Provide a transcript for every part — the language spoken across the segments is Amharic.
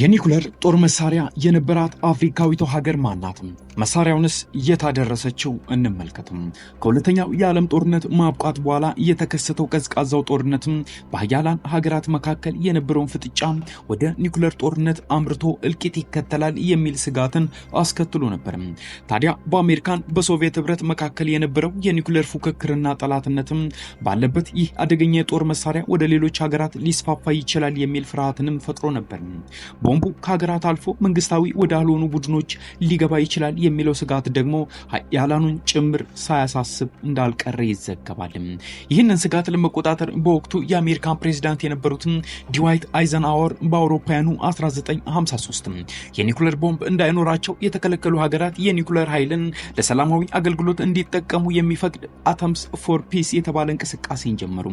የኒኩለር ጦር መሳሪያ የነበራት አፍሪካዊቷ ሀገር ማናትም? መሳሪያውንስ የታደረሰችው እንመልከትም። ከሁለተኛው የዓለም ጦርነት ማብቃት በኋላ የተከሰተው ቀዝቃዛው ጦርነትም በሀያላን ሀገራት መካከል የነበረውን ፍጥጫ ወደ ኒኩለር ጦርነት አምርቶ እልቂት ይከተላል የሚል ስጋትን አስከትሎ ነበር። ታዲያ በአሜሪካን በሶቪየት ህብረት መካከል የነበረው የኒኩለር ፉክክርና ጠላትነትም ባለበት ይህ አደገኛ የጦር መሳሪያ ወደ ሌሎች ሀገራት ሊስፋፋ ይችላል የሚል ፍርሃትንም ፈጥሮ ነበር። ቦምቡ ከሀገራት አልፎ መንግስታዊ ወዳልሆኑ ቡድኖች ሊገባ ይችላል የሚለው ስጋት ደግሞ ያላኑን ጭምር ሳያሳስብ እንዳልቀረ ይዘገባልም። ይህንን ስጋት ለመቆጣጠር በወቅቱ የአሜሪካን ፕሬዚዳንት የነበሩትን ዲዋይት አይዘንሃወር በአውሮፓውያኑ 1953 የኒኩለር ቦምብ እንዳይኖራቸው የተከለከሉ ሀገራት የኒኩለር ኃይልን ለሰላማዊ አገልግሎት እንዲጠቀሙ የሚፈቅድ አተምስ ፎር ፒስ የተባለ እንቅስቃሴን ጀመሩ።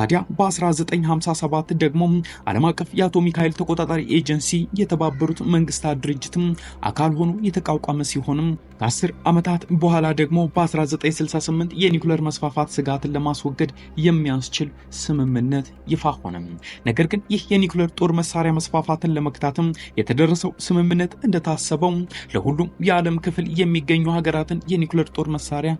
ታዲያ በ1957 ደግሞ ዓለም አቀፍ የአቶሚክ ኃይል ተቆጣጣሪ ኤጀንሲ የተባበሩት መንግስታት ድርጅትም አካል ሆኖ የተቋቋመ ሲሆንም ከአስር ዓመታት በኋላ ደግሞ በ1968 የኒኩለር መስፋፋት ስጋትን ለማስወገድ የሚያስችል ስምምነት ይፋ ሆነም። ነገር ግን ይህ የኒኩለር ጦር መሳሪያ መስፋፋትን ለመግታትም የተደረሰው ስምምነት እንደታሰበው ለሁሉም የዓለም ክፍል የሚገኙ ሀገራትን የኒኩለር ጦር መሳሪያ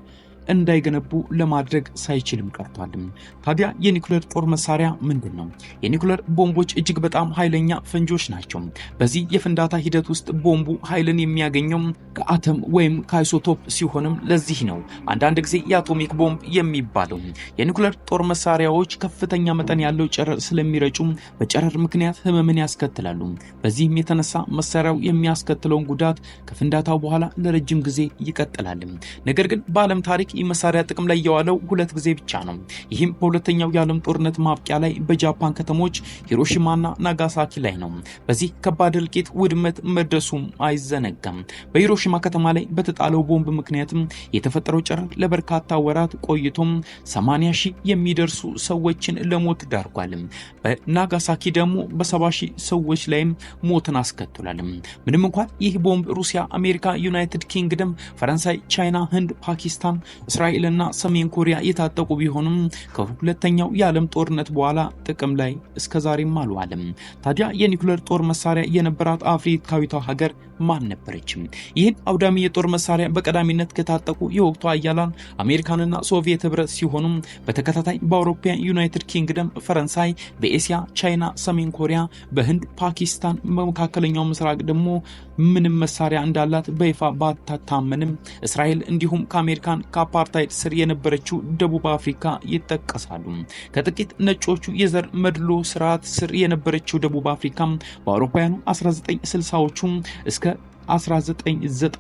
እንዳይገነቡ ለማድረግ ሳይችልም ቀርቷልም። ታዲያ የኒኩሌር ጦር መሳሪያ ምንድን ነው? የኒኩሌር ቦምቦች እጅግ በጣም ኃይለኛ ፈንጆች ናቸው። በዚህ የፍንዳታ ሂደት ውስጥ ቦምቡ ኃይልን የሚያገኘው ከአተም ወይም ከአይሶቶፕ ሲሆንም ለዚህ ነው አንዳንድ ጊዜ የአቶሚክ ቦምብ የሚባለው። የኒኩሌር ጦር መሳሪያዎች ከፍተኛ መጠን ያለው ጨረር ስለሚረጩ በጨረር ምክንያት ህመምን ያስከትላሉ። በዚህም የተነሳ መሳሪያው የሚያስከትለውን ጉዳት ከፍንዳታው በኋላ ለረጅም ጊዜ ይቀጥላል። ነገር ግን በዓለም ታሪክ ይህ መሳሪያ ጥቅም ላይ የዋለው ሁለት ጊዜ ብቻ ነው። ይህም በሁለተኛው የዓለም ጦርነት ማብቂያ ላይ በጃፓን ከተሞች ሂሮሺማና ናጋሳኪ ላይ ነው። በዚህ ከባድ እልቂት ውድመት መድረሱም አይዘነጋም። በሂሮሺ በሂሮሺማ ከተማ ላይ በተጣለው ቦምብ ምክንያትም የተፈጠረው ጨረር ለበርካታ ወራት ቆይቶም 80 ሺህ የሚደርሱ ሰዎችን ለሞት ዳርጓል። በናጋሳኪ ደግሞ በ70 ሺህ ሰዎች ላይም ሞትን አስከትሏል። ምንም እንኳን ይህ ቦምብ ሩሲያ፣ አሜሪካ፣ ዩናይትድ ኪንግደም፣ ፈረንሳይ፣ ቻይና፣ ህንድ፣ ፓኪስታን፣ እስራኤል እና ሰሜን ኮሪያ የታጠቁ ቢሆንም ከሁለተኛው የዓለም ጦርነት በኋላ ጥቅም ላይ እስከዛሬም አልዋለም። ታዲያ የኒኩለር ጦር መሳሪያ የነበራት አፍሪካዊቷ ሀገር ማን ነበረችም ይህን አውዳሚ የጦር መሳሪያ በቀዳሚነት ከታጠቁ የወቅቱ አያላን አሜሪካንና ሶቪየት ህብረት ሲሆኑ በተከታታይ በአውሮፓውያን ዩናይትድ ኪንግደም፣ ፈረንሳይ፣ በኤስያ ቻይና፣ ሰሜን ኮሪያ፣ በህንድ፣ ፓኪስታን፣ በመካከለኛው ምስራቅ ደግሞ ምንም መሳሪያ እንዳላት በይፋ ባታታመንም እስራኤል እንዲሁም ከአሜሪካን ከአፓርታይድ ስር የነበረችው ደቡብ አፍሪካ ይጠቀሳሉ። ከጥቂት ነጮቹ የዘር መድሎ ስርዓት ስር የነበረችው ደቡብ አፍሪካ በአውሮፓውያኑ 1960ዎቹ እስከ 1990ዎቹ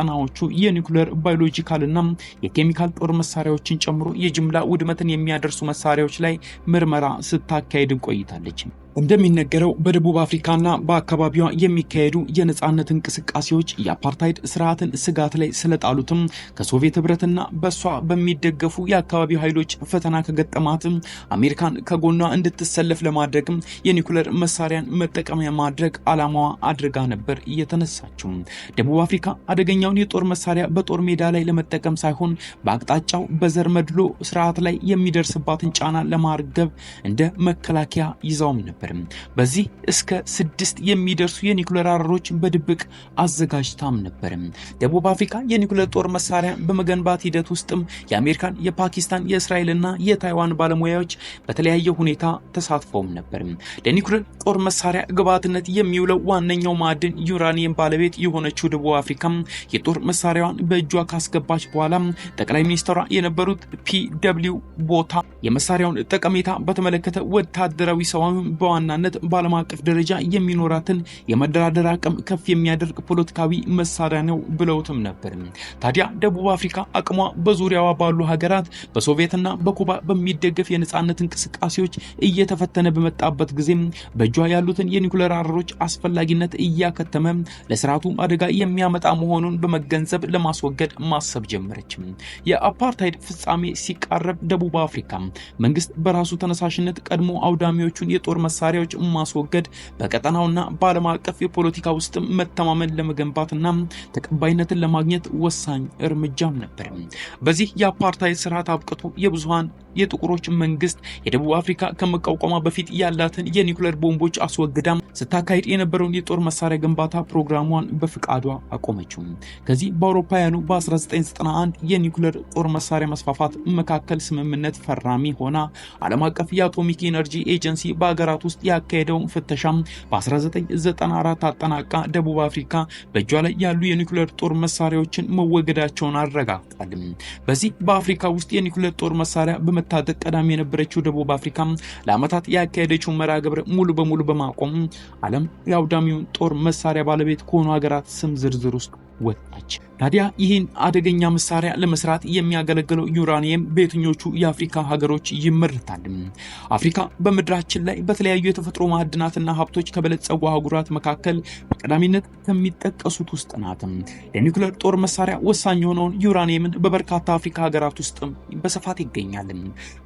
ባዮሎጂካል ባዮሎጂካልና የኬሚካል ጦር መሳሪያዎችን ጨምሮ የጅምላ ውድመትን የሚያደርሱ መሳሪያዎች ላይ ምርመራ ስታካሄድ ቆይታለች። እንደሚነገረው በደቡብ አፍሪካና በአካባቢዋ የሚካሄዱ የነጻነት እንቅስቃሴዎች የአፓርታይድ ስርዓትን ስጋት ላይ ስለጣሉትም ከሶቪየት ህብረትና በሷ በሚደገፉ የአካባቢው ኃይሎች ፈተና ከገጠማትም አሜሪካን ከጎኗ እንድትሰለፍ ለማድረግም የኒኩለር መሳሪያን መጠቀሚያ ማድረግ አላማዋ አድርጋ ነበር እየተነሳችው። ደቡብ አፍሪካ አደገኛውን የጦር መሳሪያ በጦር ሜዳ ላይ ለመጠቀም ሳይሆን በአቅጣጫው በዘር መድሎ ስርዓት ላይ የሚደርስባትን ጫና ለማርገብ እንደ መከላከያ ይዛውም ነበር። ነበርም። በዚህ እስከ ስድስት የሚደርሱ የኒኩለር አረሮችን በድብቅ አዘጋጅታም ነበርም። ደቡብ አፍሪካ የኒኩለር ጦር መሳሪያ በመገንባት ሂደት ውስጥም የአሜሪካን፣ የፓኪስታን፣ የእስራኤልና የታይዋን ባለሙያዎች በተለያየ ሁኔታ ተሳትፈውም ነበር። ለኒኩለር ጦር መሳሪያ ግብዓትነት የሚውለው ዋነኛው ማዕድን ዩራኒየም ባለቤት የሆነችው ደቡብ አፍሪካ የጦር መሳሪያዋን በእጇ ካስገባች በኋላ ጠቅላይ ሚኒስትሯ የነበሩት ፒ ደብሊው ቦታ የመሳሪያውን ጠቀሜታ በተመለከተ ወታደራዊ ሰዋምም በዋናነት በዓለም አቀፍ ደረጃ የሚኖራትን የመደራደር አቅም ከፍ የሚያደርግ ፖለቲካዊ መሳሪያ ነው ብለውትም ነበር። ታዲያ ደቡብ አፍሪካ አቅሟ በዙሪያዋ ባሉ ሀገራት በሶቪየትና በኩባ በሚደገፍ የነፃነት እንቅስቃሴዎች እየተፈተነ በመጣበት ጊዜ በእጇ ያሉትን የኒኩለር አረሮች አስፈላጊነት እያከተመ ለስርዓቱ አደጋ የሚያመጣ መሆኑን በመገንዘብ ለማስወገድ ማሰብ ጀመረች። የአፓርታይድ ፍጻሜ ሲቃረብ ደቡብ አፍሪካ መንግስት በራሱ ተነሳሽነት ቀድሞ አውዳሚዎቹን የጦር መሳሪያዎች ማስወገድ በቀጠናውና በዓለም አቀፍ የፖለቲካ ውስጥ መተማመን ለመገንባትና ተቀባይነትን ለማግኘት ወሳኝ እርምጃም ነበር። በዚህ የአፓርታይድ ስርዓት አብቅቶ የብዙሀን የጥቁሮች መንግስት የደቡብ አፍሪካ ከመቋቋሟ በፊት ያላትን የኒውክሌር ቦምቦች አስወግዳም ስታካሄድ የነበረውን የጦር መሳሪያ ግንባታ ፕሮግራሟን በፍቃዷ አቆመችው። ከዚህ በአውሮፓውያኑ በ1991 የኒውክለር ጦር መሳሪያ መስፋፋት መካከል ስምምነት ፈራሚ ሆና ዓለም አቀፍ የአቶሚክ ኤነርጂ ኤጀንሲ በሀገራት ውስጥ ያካሄደውን ፍተሻም በ1994 አጠናቃ ደቡብ አፍሪካ በእጇ ላይ ያሉ የኒውክለር ጦር መሳሪያዎችን መወገዳቸውን አረጋግጣል። በዚህ በአፍሪካ ውስጥ የኒውክለር ጦር መሳሪያ በመታጠቅ ቀዳሚ የነበረችው ደቡብ አፍሪካ ለአመታት ያካሄደችው መርሃ ግብር ሙሉ በሙሉ በማቆም ዓለም የአውዳሚውን ጦር መሳሪያ ባለቤት ከሆኑ ሀገራት ስም ዝርዝር ውስጥ ወጣች። ታዲያ ይህን አደገኛ መሳሪያ ለመስራት የሚያገለግለው ዩራኒየም በየትኞቹ የአፍሪካ ሀገሮች ይመረታል? አፍሪካ በምድራችን ላይ በተለያዩ የተፈጥሮ ማዕድናትና ሀብቶች ከበለጸጉ አህጉራት መካከል በቀዳሚነት ከሚጠቀሱት ውስጥ ናት። ለኒውክለር ጦር መሳሪያ ወሳኝ የሆነውን ዩራኒየምን በበርካታ አፍሪካ ሀገራት ውስጥም በስፋት ይገኛል።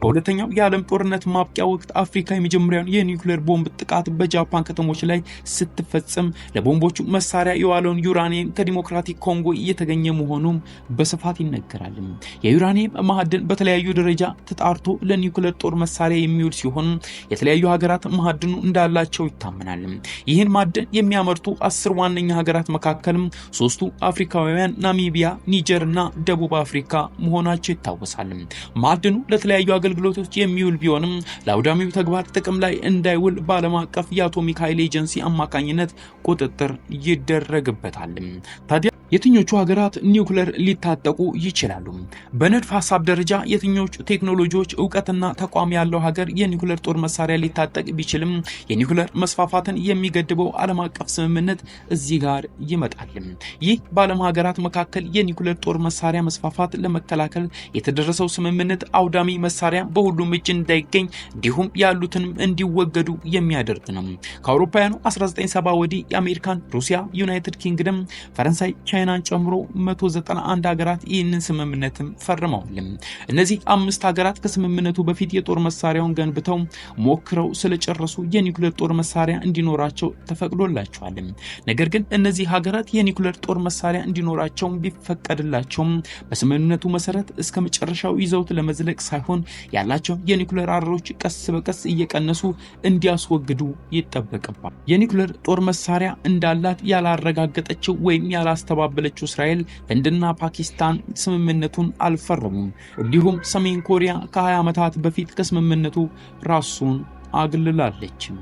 በሁለተኛው የዓለም ጦርነት ማብቂያ ወቅት አፍሪካ የመጀመሪያውን የኒውክለር ቦምብ ጥቃት በጃፓን ከተሞች ላይ ስትፈጽም ለቦምቦቹ መሳሪያ የዋለውን ዩራኒየም ከዲሞክራ ዲሞክራቲክ ኮንጎ እየተገኘ መሆኑም በስፋት ይነገራል። የዩራኒየም ማዕድን በተለያዩ ደረጃ ተጣርቶ ለኒውክለር ጦር መሳሪያ የሚውል ሲሆን የተለያዩ ሀገራት ማዕድኑ እንዳላቸው ይታመናል። ይህን ማዕድን የሚያመርቱ አስር ዋነኛ ሀገራት መካከልም ሶስቱ አፍሪካውያን ናሚቢያ፣ ኒጀር እና ደቡብ አፍሪካ መሆናቸው ይታወሳል። ማዕድኑ ለተለያዩ አገልግሎቶች የሚውል ቢሆንም ለአውዳሚው ተግባር ጥቅም ላይ እንዳይውል በዓለም አቀፍ የአቶሚክ ኃይል ኤጀንሲ አማካኝነት ቁጥጥር ይደረግበታል። ታዲያ የትኞቹ ሀገራት ኒውክለር ሊታጠቁ ይችላሉ? በንድፍ ሀሳብ ደረጃ የትኞቹ ቴክኖሎጂዎች እውቀትና ተቋም ያለው ሀገር የኒውክለር ጦር መሳሪያ ሊታጠቅ ቢችልም የኒውክለር መስፋፋትን የሚገድበው ዓለም አቀፍ ስምምነት እዚህ ጋር ይመጣል። ይህ በዓለም ሀገራት መካከል የኒውክለር ጦር መሳሪያ መስፋፋት ለመከላከል የተደረሰው ስምምነት አውዳሚ መሳሪያ በሁሉም እጅ እንዳይገኝ እንዲሁም ያሉትንም እንዲወገዱ የሚያደርግ ነው። ከአውሮፓውያኑ 1970 ወዲህ የአሜሪካን፣ ሩሲያ፣ ዩናይትድ ኪንግደም፣ ፈረንሳይ ቻይናን ጨምሮ 191 ሀገራት ይህንን ስምምነትም ፈርመዋል። እነዚህ አምስት ሀገራት ከስምምነቱ በፊት የጦር መሳሪያውን ገንብተው ሞክረው ስለጨረሱ የኒኩሌር ጦር መሳሪያ እንዲኖራቸው ተፈቅዶላቸዋል። ነገር ግን እነዚህ ሀገራት የኒኩሌር ጦር መሳሪያ እንዲኖራቸው ቢፈቀድላቸውም በስምምነቱ መሰረት እስከ መጨረሻው ይዘውት ለመዝለቅ ሳይሆን ያላቸው የኒኩሌር አረሮች ቀስ በቀስ እየቀነሱ እንዲያስወግዱ ይጠበቅባል። የኒኩሌር ጦር መሳሪያ እንዳላት ያላረጋገጠችው ወይም ያላስተባ የተቀባበለችው እስራኤል ህንድና ፓኪስታን ስምምነቱን አልፈረሙም። እንዲሁም ሰሜን ኮሪያ ከ20 ዓመታት በፊት ከስምምነቱ ራሱን አግልላለችም።